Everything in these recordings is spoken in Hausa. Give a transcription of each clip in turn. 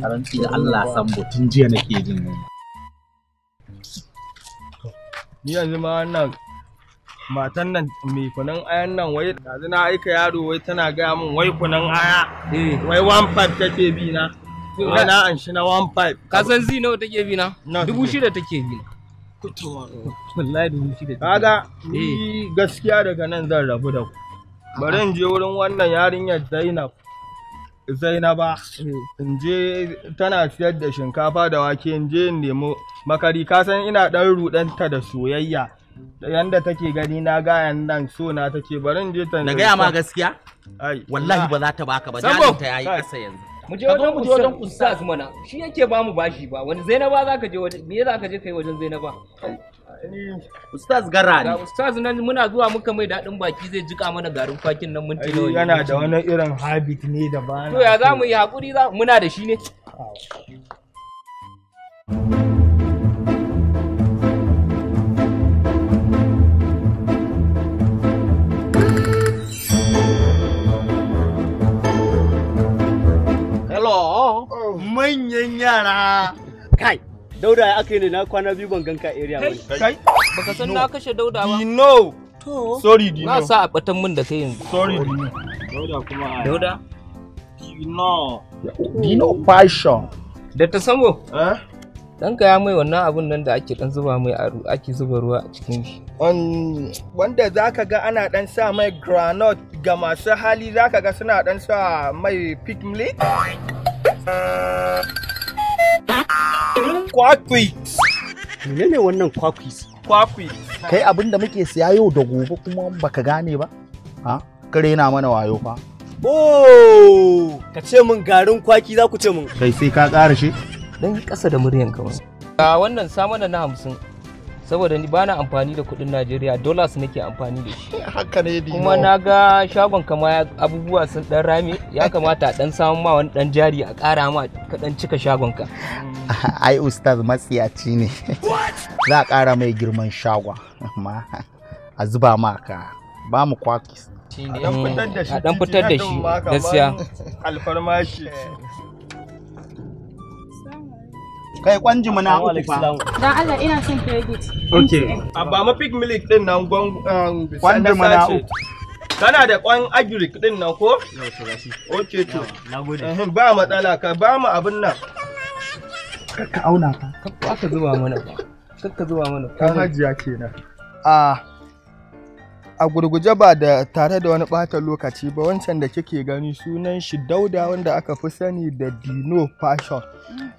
Karanci da Allah san tun jiya nake jin Ni yanzu ma wannan matan nan mai kunan ayan nan wai yanzu na aika yaro wai tana gaya min wai kunan aya eh, wai one five take bi na. Na an shi na one five. Ka san zi nawa take bi na? Dubu shida take bi na. wallahi dubu shida kaga eh. ni gaskiya daga nan zan rabu da ku bari in je wurin wannan yarinyar Zainab Zainaba mm. in je tana siyar da shinkafa da wake in je in nemo makari ka san ina ɗan rudanta da soyayya yanda take gani na ga nan so na take bari in je ta na gaya ma gaskiya wallahi ba za ta baka ba dalin ta yayi kasa yanzu mu je wajen mu je wajen ustaz mana shi yake ba mu bashi ba wani zainaba zaka je wajen me zaka je kai wajen zainaba Ustaz gara ne. Ustaz nan muna zuwa muka mai daɗin baki zai jika mana garin kwakin nan minti tilo. Yana da wani irin habit ne da ba. To ya za mu yi hakuri za muna da shi ne. Hello. Oh. Manyan yara. Kai, Dauda ya aka yi ne na kwana biyu ban ganka area wani. Kai, baka san na kashe Dauda ba. no To. Sorry Dino. Na sa a batan min da kai yanzu. Sorry Dino. Dauda kuma a. Dauda. Dino. Dino fashion. Da ta samu. Eh? Dan ya mai wannan abun nan da ake dan zuba mai a ake zuba ruwa a cikin shi. Um, wanda zaka ga ana dan sa mai granite ga masu hali zaka ga suna dan sa mai pig Kwakwi. Menene wannan kwakwi? Kwakwi. Kai abin da muke siya yau da gobe kuma baka gane ba? Ha? Ka rena mana wayo fa. Oh! Ka ce min garin kwaki za ku ce min. Kai sai ka ƙara shi? Dan ƙasa da muryan kawai. Ga wannan samana na hamsin. saboda ni bana amfani da kudin Najeriya dollars nake amfani da shi haka ne dino kuma na ga shagon kama abubuwa sun dan rame ya kamata dan samu ma wani dan jari a ƙara ma ka dan cika shagon ka ai ustaz matsiyaci ne za a ƙara mai girman shagwa amma a zuba ma ka ba mu kwakis shi dan fitar da shi mm, gaskiya alfarmashi kai kwanji muna uku fa dan Allah ina son credit okay ba ma pick milk din nan gwan um, kwanji muna uku kana da kwan agric din nan ko okay to nagode ba matsala ka ba mu abin nan ka auna ka ka zuba mana ba ka zuba mana ka hajiya kenan a a gurguje ba da tare da wani ɓata lokaci ba wancan da kike gani sunan shi dauda wanda aka fi sani da dino fashion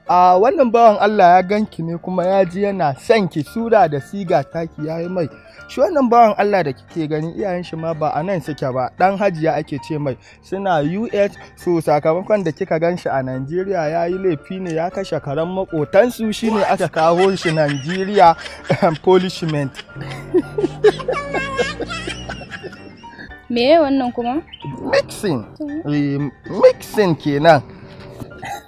a wannan bawan Allah ya gan ki ne kuma ya ji yana son ki sura da siga taki ya yi mai shi wannan bawan Allah da kike gani iyayen shi ma ba a nan suke ba dan hajiya ake ce mai suna US so sakamakon da kika gan shi a Najeriya ya yi laifi ne ya kashe karan su shine aka kawo shi Najeriya um, polishment meye wannan kuma mixing eh, mixing kenan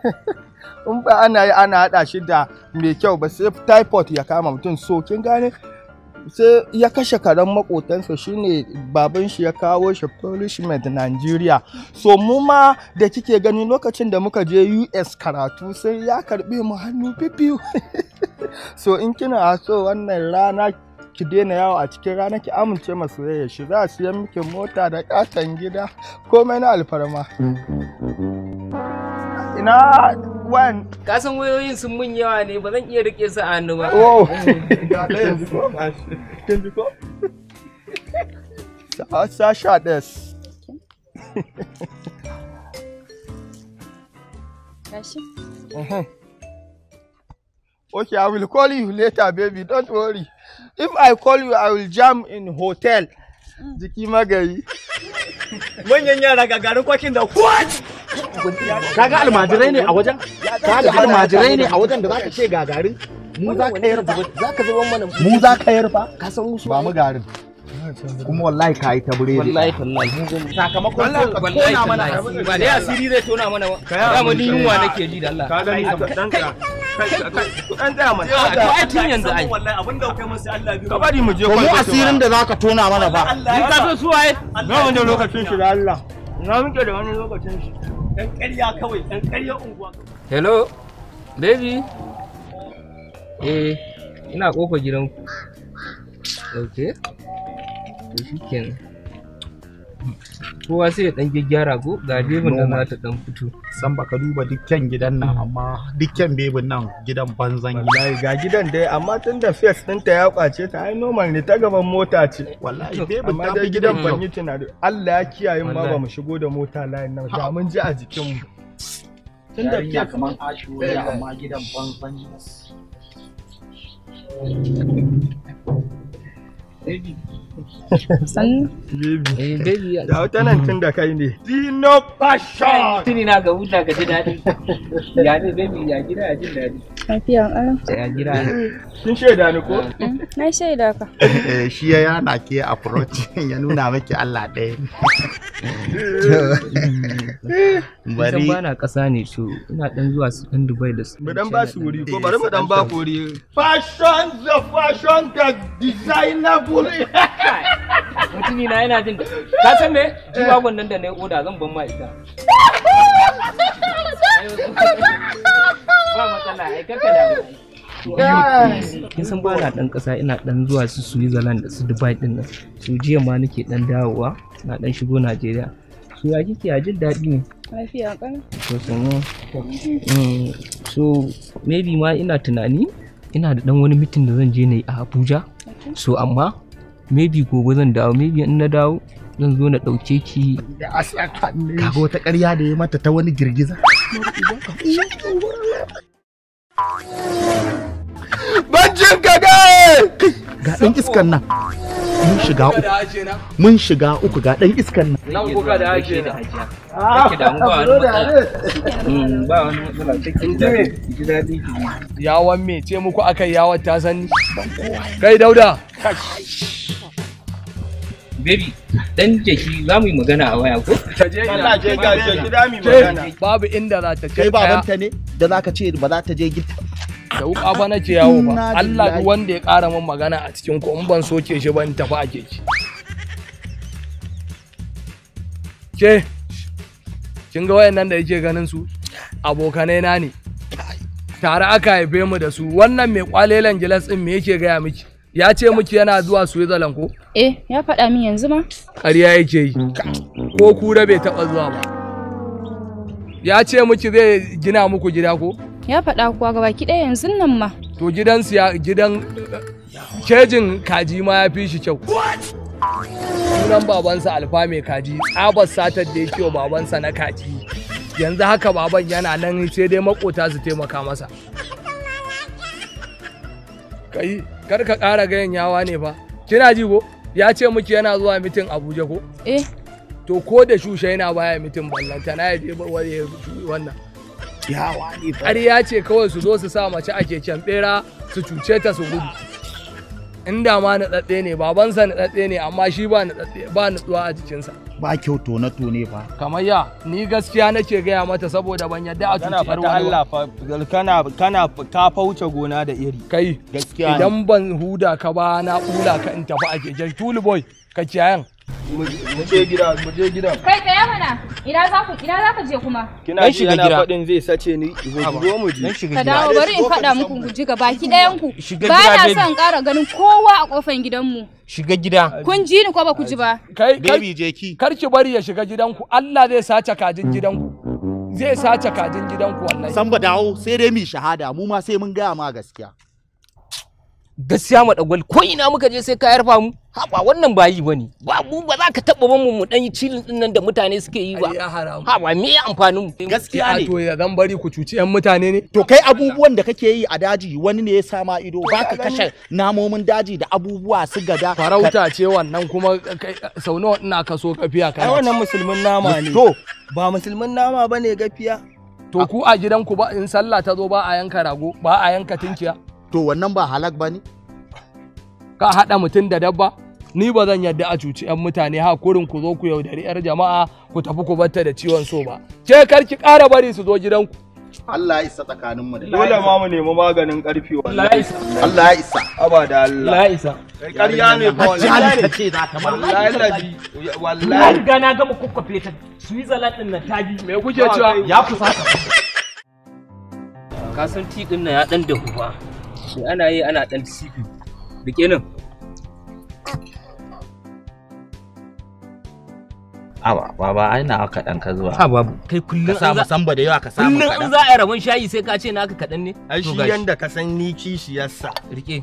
in ba ana yi ana haɗa shi da mai kyau ba sai typhoid ya kama mutum so kin gane sai ya kashe karen makotansa shine baban shi ya kawo shi punishment Nigeria so mu ma da kike gani lokacin da muka je US karatu sai ya karbe mu hannu bibiyu so in kina so wannan rana ki daina yawo a cikin rana ki amince ma soyayya shi za a siyan miki mota da katon gida komai na alfarma mm-hmm. ina one ka wayoyin sun mun yawa ne ba zan iya rike su a hannu ba oh, oh sasha des Okay, I will call you later, baby. Don't worry. If I call you, I will jam in hotel. Mm. Jiki magayi. Manyan yara gagarin kwakin da what? kaga almajirai ne a wajen kaga almajirai ne a wajen da zaka ce gagarin mu za ka ba za ka zuban mana mu za ka yarfa ka san musu ba mu garin kuma wallahi ka yi ta bure wallahi tallahi sakamakon ko na mana ba dai asiri zai tona mana ba ka mu ni yunwa nake ji da Allah ka gani ni dan ka yanzu Allah biyu ka bari mu je mu asirin da zaka tona mana ba ni ka so suwaye na wannan lokacin shi da Allah na muke da wani lokacin shi Ɗan ƙarya kawai, ɗan ƙarya unguwa. Hello, baby. Eh, ina ƙofa gidanku. Okay. To shikenan. kowa sai ya dan gyaggyara go ga bebin nan za ta dan fito san baka duba dukkan gidan nan hmm. amma dukkan bebin nan gidan banzan gida ga gidan dai amma tun da fes ta ya kwace ta ai normal ne ta gaban mota ce wallahi bebin ta fi gidan ban yi tunani Allah ya kiyaye ma ba mu shigo da mota layin nan da mun ji a jikin mu tunda da kaman ashu ne eh. amma gidan banzan ne eh. sannu baby da wata nan tun da kai ne dino passion tuni na ga huta ga ji daɗi ya ne baby ya gida ya jin daɗi lafiya ƙarar ya gida kin shaida ni ko mm, na shaida ka eh, shi ya yana ke approach ya nuna maki Allah ɗaya bari ba na ƙasa ne to ina dan zuwa su dan Dubai da su mu dan ba su wuri ko bari mu dan ba ku wuri fashion the fashion the designable mutumi na yana jin ka san me jiwagon nan da na oda zan ban ma ita kin san ba na dan kasa ina dan zuwa su Switzerland da su Dubai din nan to jiya ma nake dan dawowa na dan shigo Najeriya su ya kike a jin dadi ne lafiya kana to sanu mm, so maybe ma ina tunani ina da dan wani meeting da zan je ne a Abuja so amma maybe gobe zan dawo maybe in na dawo zan zo na ɗauke ki kaga wata ƙarya da ya mata ta wani girgiza bancin kaga ga ɗan iskan nan mun shiga uku mun shiga uku ga ɗan iskan nan nan kuka da da haje ah, da ba wani mm, ba wani yawon me ce muku akai yawon ta sani kai dauda baby dan jeki za mu yi magana a waya ko ta je ina je ga je gida mu magana babu inda za ta kai ta ne da za ka ce ba za ta je gita da wuka ba na ce yawo ba Allah duk wanda ya ƙara min magana a cikin ku in ban soke shi ban tafi a keke ke kin ga wayannan da yake ganin su abokanai na ne tare aka haife mu da su wannan mai kwalelan gilas din me yake gaya miki Ya ce miki yana zuwa Switzerland ko? Eh, ya faɗa min yanzu ma. Ƙarya yake yi. Ko kura bai taɓa zuwa ba. Ya ce miki zai gina muku gida ko? Ya faɗa kuwa gaba ki ɗaya yanzu nan ma. To gidansu ya gidan kejin kaji ma ya fi shi kyau. Sunan babansa alfa mai kaji, tsabar satar da ya kiwo babansa na kaji. Yanzu haka baban yana nan sai dai makota su taimaka masa. kai kar ka ƙara gayan yawa ne ba kina ji ko ya ce miki yana zuwa mitin abuja ko eh to ko da shushe yana baya mitin ballanta na yaje wani wannan yawa ne ƙarya ce kawai su zo su sa mace ake can bera su cuce ta su gudu in da ma tsatse ne babansa tsatse ne amma shi ba naɗaɗɗe ba nutsuwa a jikinsa ba kyau na tone ba. kamar ya ni gaskiya nake gaya mata saboda ban yadda a cuci yar kana kana ka fauce gona da iri kai gaskiya idan ban huda ka ba na bula ka in tafi a jejen tulu ka ciyayan mu je gida mu je gida kai tsaya mana ina za ku ina za ka je kuma kina ji na fadin zai sace ni zo mu je ka dawo bari in fada muku ku ji gaba ki dayan ku ba na son ƙara ganin kowa a kofar gidanmu shiga gida kun ji ni ko ba ku ji ba kai baby je kar ki bari ya shiga gidanku Allah zai sace kajin gidanku zai sace kajin gidanku wallahi san ba dawo sai dai mi shahada mu ma sai mun ga ma gaskiya gaskiya mu gwal ko ina muka je sai ka yarfa mu ba wannan ba yi bane ba mu ba za ka taba mu mu dan yi cilin din nan da mutane suke yi ba ba me ya amfanin mu gaskiya ne to ya zan bari ku cuci yan mutane ne to kai abubuwan da kake yi a daji wani ne ya sa ma ido ba ka kashe namomin daji da abubuwa su gada farauta ce wannan kuma sau nawa ina kaso kafiya kai wannan musulmin nama ne to ba musulmin nama bane gafiya to ku a gidanku ba in sallah ta zo ba a yanka rago ba a yanka tunkiya? to wannan ba halak ba ne ka haɗa mutum da dabba ni ba zan yadda a cuci 'yan mutane ha kurin ku zo ku yaudari 'yar jama'a ku tafi ku batta da ciwon so ba ke kar ki ƙara bari su zo gidanku Allah ya isa tsakanin mu da dole ma mu nemi maganin karfi wallahi Allah ya isa Allah ya isa abada Allah ya isa kai ƙarya ne fa wallahi ce za ka wallahi wallahi ga na gama kukkafe ta Switzerland din na tabi me kuke cewa ya fusata ka san ti nan ya dan dahu ba. to ana yi ana ɗan sifi rike nan Awa, baba aina na aka dan ka zuwa. Ha babu. Kai kullun ka samu samba da yawa ka samu Kullum in za a yi rabon shayi sai ka ce na aka kadan ne. Ai shi yanda ka san ni kishiyarsa. Rike.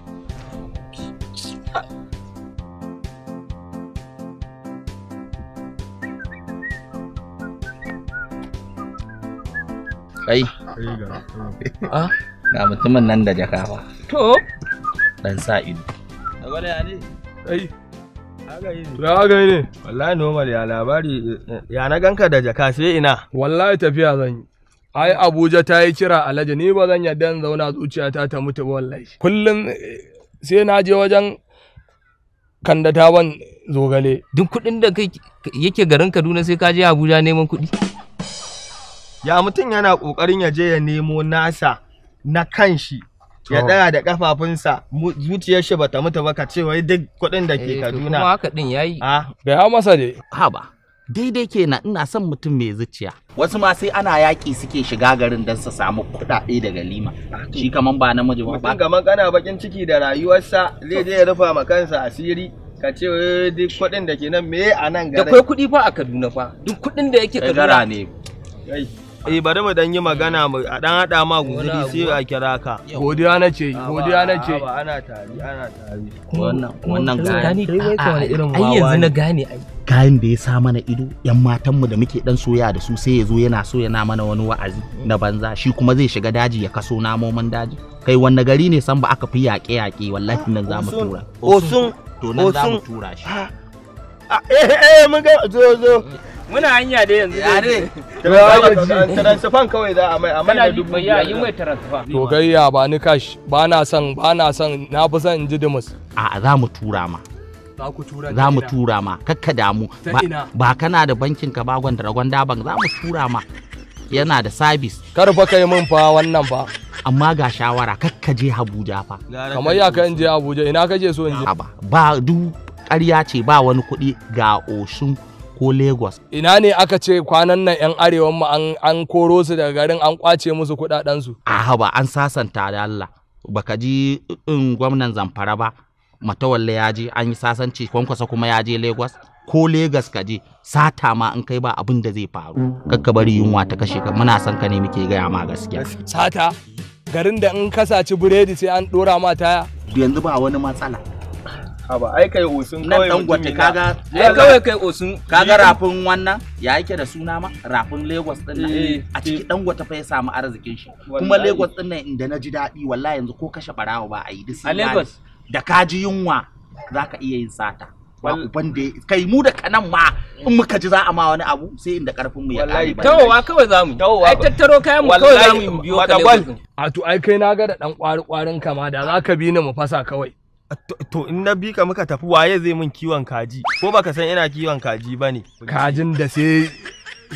Kai. Ah? ga mutumin nan da jaka ba. to dan sa ido da ya ne ai Ya ne. Wallahi normal ya labari ya na ganka da jaka sai ina. Wallahi tafiya zan yi. Ai Abuja ta yi kira Alhaji ni ba zan yadda zauna zuciyata ta mutu ba wallahi. Kullum eh, sai na je wajen kandatawan zogale. Duk kuɗin da yake garin Kaduna sai ka je Abuja neman kuɗi. Ya mutum yana ƙoƙarin ya je ya nemo nasa. na kan shi ya daya da kafafunsa zuciyar shi bata mutu ba ka ce wai duk kuɗin da ke eh, Kaduna kuma haka din yayi a ah. bai hau masa ne ha ba daidai ke na ina son mutum mai zuciya wasu ma sai ana yaƙi suke shiga garin don su samu kuɗaɗe daga lima shi kaman ba namiji ba ba kaman kana bakin ciki da rayuwarsa zai je ya rufa ma kansa asiri ka ce duk kuɗin da ke nan me a nan garin da kai kuɗi fa a Kaduna fa duk kuɗin da yake Kaduna ne eh bari mu dan yi magana mu a dan hada ma guzuri sai a kira ka godiya nace godiya nace ana tari ana tari wannan wannan gani ai yanzu na gane ai kayan da ya sa mana ido yan matanmu da muke dan soya da su sai ya zo yana so yana mana wani wa'azi na banza shi kuma zai shiga daji ya kaso namomin daji kai wanne gari ne san ba aka fi yaƙe yaƙe wallahi nan za mu tura osun to nan za tura shi ah, eh eh mun ga zo zo eh. muna hanya da yanzu yare transfer kawai za a mai amma da dubu ya yi mai transfer to gayya ba ni cash ba na son ba na son na fi son in ji dimus a za mu tura ma za mu tura ma kakka damu ba kana da bankin ka bagon da ragon za mu tura ma yana da sabis kar fa kai min fa wannan fa amma ga shawara kakka je Abuja fa kamar ya ka in je Abuja ina kaje so in je ba duk ƙarya ce ba wani kuɗi ga osun ko Lagos. Ina ne aka ce kwanan nan 'yan arewan mu an koro su daga garin an kwace musu kudadensu. A ba an sasanta da Allah. Baka ji in gwamnan zamfara ba, matawalle ya je an yi sasanci kwankwasa kuma ya je Lagos. Ko Lagos ka je sata ma in kai ba abin da zai faru. Kakka bari yunwa ta kashe ka muna son ka ne muke gaya ma gaskiya. Sata garin da in kasaci buredi sai an dora ma taya. Yanzu ba wani matsala. haba ai kai osun kawai nan gwate kaga ai kawai kai osun kaga rafin wannan ya yake da suna ma rafin Lagos din nan eh, a ciki eh. dangote fa ya samu arzikin shi kuma Lagos din nan inda na ji daɗi wallahi yanzu ko kashe barawo ba a yi duk a Lagos da ji yunwa zaka iya yin sata ba uban da kai mu da kanan ma in muka ji za a ma wani abu sai inda karfin mu ya kare ba tawowa kawai zamu ai tattaro kayan mu kawai zamu biyo ka a to ai kai na ga da dan kwari kwarin kama da zaka bi ni mu fasa kawai To in na bi ka muka tafi waye zai min kiwon kaji ko baka san ina kiwon kaji ba ne. Kajin da sai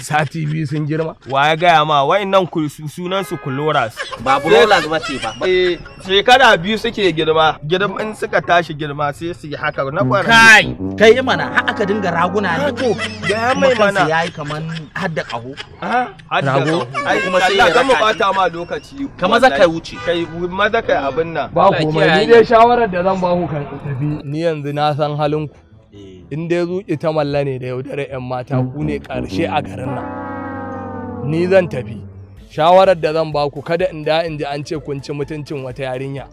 sati biyu sun girma wa ya gaya ma wayannan sunan su kuloras ba bulolas ba ce ba eh, shekara biyu suke girma girma in suka tashi girma sai su yi haka na kwara kai kai mana har aka dinga raguna ne ko ah, ga mai mana yayi kaman hadda kaho ah, rago ai kuma sai ya kama bata ma lokaci kamar za kai wuce kai maza kai abin nan ba komai ni dai shawarar da zan ba ku kan tafi ni yanzu na san halin ku in dai zuƙi ta malla ne da yaudarar 'yan mata ku ne ƙarshe a garin nan ni zan tafi shawarar da zan baku kada in da in ji an ce kun ci mutuncin wata yarinya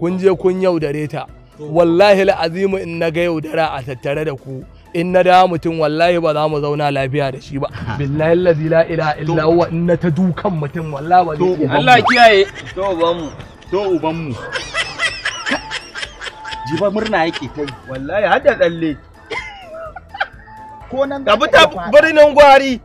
kun je kun yaudare ta wallahi azimu in na ga yaudara a tattare da ku in na da mutum wallahi ba za mu zauna lafiya da shi ba billahi allazi la ilaha illa huwa in na ta dukan mutum wallahi ba zai Allah kiyaye to uban mu to uban mu murna yake kai wallahi har da ko nan da ta birnin gwari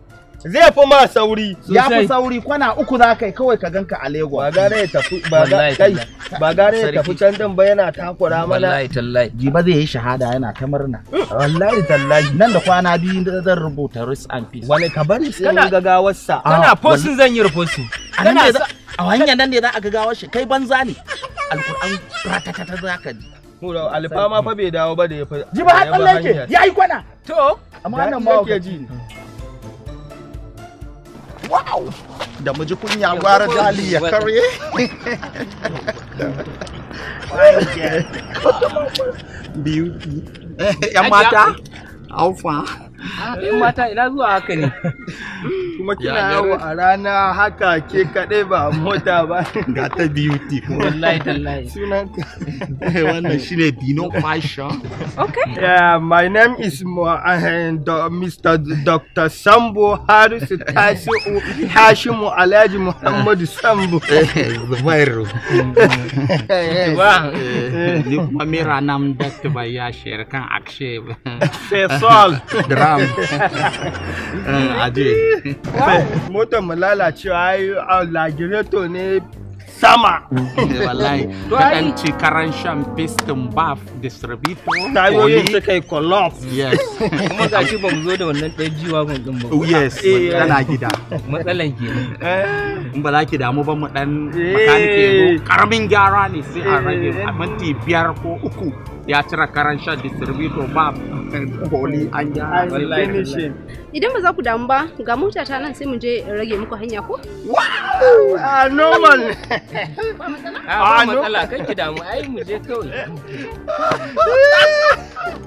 zai fi ma sauri ya fi sauri kwana uku za kai kawai ka ganka a lagos ba gane ya tafi ba kai ba gare ya tafi can din ba yana takura mana wallahi tallahi jiba zai yi shahada yana ta murna wallahi tallahi nan da kwana biyu zan rubuta risk and peace wani ka bari sai ga gawarsa ah, kana fosin zan yi rufosin kana a hanyar nan ne za a ga gawar shi kai banza ne alkur'an ratatata za ka ji alfa ma fa bai dawo ba da ya fi ji ba har tsalle ya yi kwana to amma nan ma ke ji wow da muji kunya gwara dali ya karye biyu eh, yan mata alfa in mata ina zuwa haka ne kuma kina yawo a rana haka ke kadai ba mota ba ga ta beauty kuma wallahi tallahi sunan eh, wannan shine dino pasha okay yeah my name is mr uh, dr sambo harris tashu hashimu alhaji muhammadu sambo eh, zubairu ba eh. ni kuma mira nam dakta bayashi kan akshe fesol na'am eh, aje motar mu lalacewa ai lagireto ne sama eh, wallahi kadan karan shan piston distributor tayoyin yes kuma ga shi ba mu zo da wannan ɗan jiwa ba oh, yes eh, gida matsalan ke in ba za ki damu ba mu makanike karamin gyara ne sai a rage biyar ko uku ya cire karan shan distributor ba koli an ya idan ba za ku damu ba ga mota ta nan sai mu je rage muku hanya ko a ah, normal ah, ba ah, matsala kan ki damu ai mu je kawai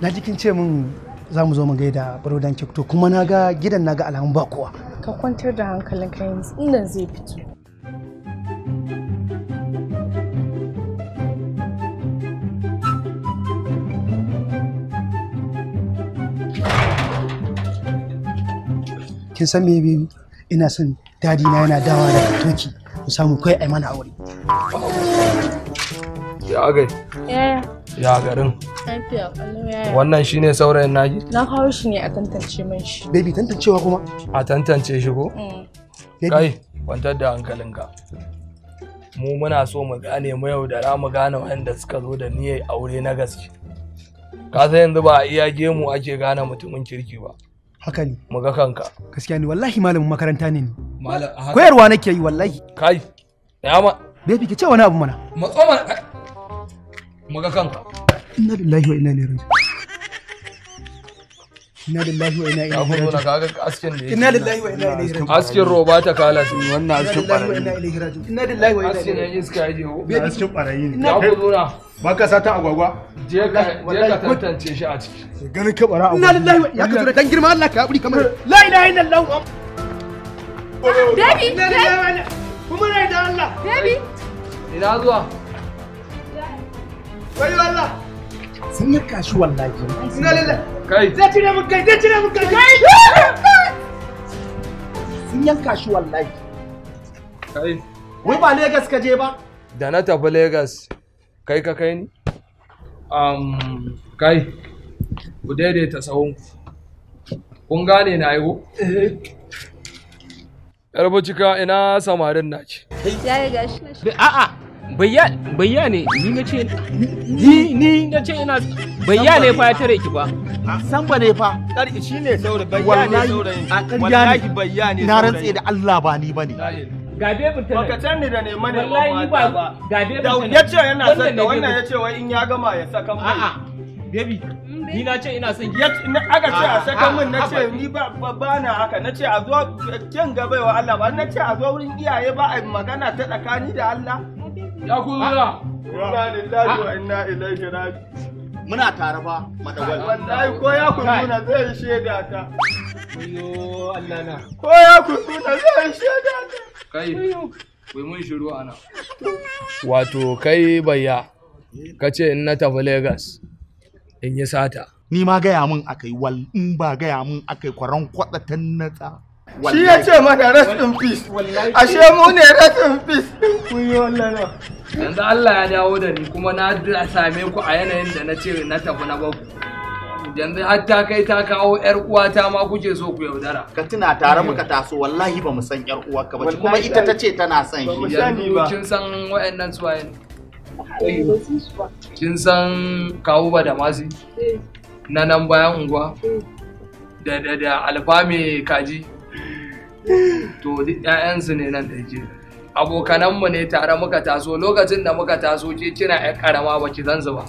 na ji kin ce min za mu zo mu gaida barodan to kuma na ga gidan na ga alamun ba kowa ka kwantar da hankalin ka yanzu inda zai fito kin san me ina son dadi na yana dawa da toki mu samu kai ai mana aure ya gai eh ya garin wannan shine saurayin naki na kawo shi ne a tantance mai shi baby tantancewa kuma a tantance shi ko mm. kai kwantar da hankalinka mu muna so mu gane mu yau da ra mu gane wanda suka zo da niyyar aure na gaske ka san yanzu ba a iya gemu ake gane mutumin kirki ba haka ne mu ga kanka gaskiya ne wallahi malamin makaranta ne ni koyarwa nake yi wallahi kai ya ma baby ki ce wani abu mana Matsoma. mana muga kanka inna lillahi wa inna ilaihi raji'un inna lillahi wa inna ilaihi raji'un ka kaga askin ne inna lillahi wa inna ilaihi raji'un askin roba ta kala su wannan askin barayi inna lillahi wa inna ilaihi raji'un askin ne iska yaje ho askin barayi ne ya ku ba baka satan agwagwa je ka je ka tantance shi a ciki ganin ka bara inna lillahi wa ya ka tura dan girma Allah ka hakuri kamar la ilaha illallah Baby, baby, kuma rai da Allah. Baby. Ina zuwa. Sun yanka shi wallahi. Ina lalla. Kai. Zai cire mun kai, zai cire mun kai. Kai. Sun yanka shi wallahi. Kai. Wai ba Lagos ka je ba? Da na tafi Lagos. Kai ka kai ni? Um, kai. Ku daidaita sahunku. Kun gane na aiwo? Eh. Yar cika ina samarin na ce. Ya yi gashi na shi. A'a, bayya bayya ne ni na ce ni ni na ce ina bayya ne fa ya tare ki fa samba ne fa karki shine saboda bayya ne wallahi bayya na rantse da Allah ba ni bane gabe mutane baka da ne mane wallahi ba gabe yana da wannan ya ce wai in ya gama ya saka mai a'a baby ni na ce ina son aka ce a saka min na ce ni ba ba na haka na ce a zo kin gabaiwa Allah ba na ce a zo wurin iyaye ba a magana ta tsakani da Allah Ya kuzura. Inna lillahi wa inna ilaihi raji'un. Muna tare ba madawal. Wallahi ko ya kuzura zai yi shaida ta. Ayyo Allah na. Ko ya kuzura zai yi shaida ta. Kai. Bai mun shiru ana. Wato kai bayya. Ka ce in na tafi Legas in yi sata. Ni ma gaya min aka yi wal in ba gaya min aka yi kwaran kwaɗa ta shi ya ce mana rest in peace ashe mu ne rest in peace yanzu Allah ya dawo da ni kuma na same ku a yanayin da na ce na tafi na babu. yanzu har ta kai ta kawo yar uwata ma kuke so ku yaudara ka tuna tare muka taso wallahi ba mu san yar uwarka ba kuma ita ta ce tana son shi yanzu kin san wayannan suwaye eh, kin san kawo ba da masi eh. na nan bayan unguwa eh. da da da alfa mai kaji to duk 'ya'yansu ne nan ɗauke abokananmu ne tare muka taso lokacin da muka taso ke kina ƴan karama ba ki zanzu ba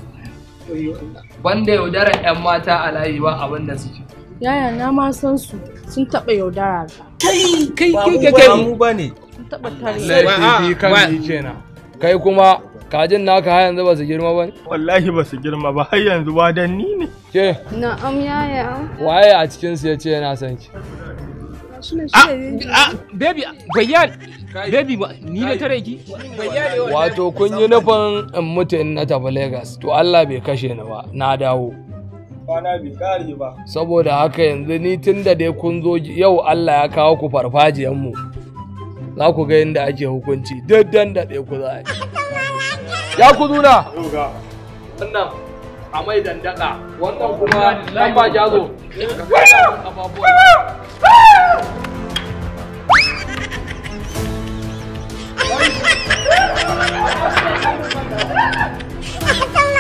banda yaudarar 'yan mata a layi ba abin da suke yaya na ma san su sun taɓa yaudara kai kai kai kai kai, mu ba ne sun taɓa tare ah, kan kenan kai kuma kajin naka har yanzu ba su girma ba ne? Wallahi ba su girma ba har yanzu wadanni ne. Ke? Na'am yaya. Waye a cikin su yace yana son ki? Ah, ah, wato kun yi nufin in mutu in na tafi Lagos to Allah bai kashe ni ba na dawo saboda haka yanzu ni tun da dai kun zo yau Allah ya kawo ku farfajiyan mu za ku ga yadda ake hukunci duk da da ku za a yi ya ku zuna a mai dandaɗa wannan kuma nan ba jazo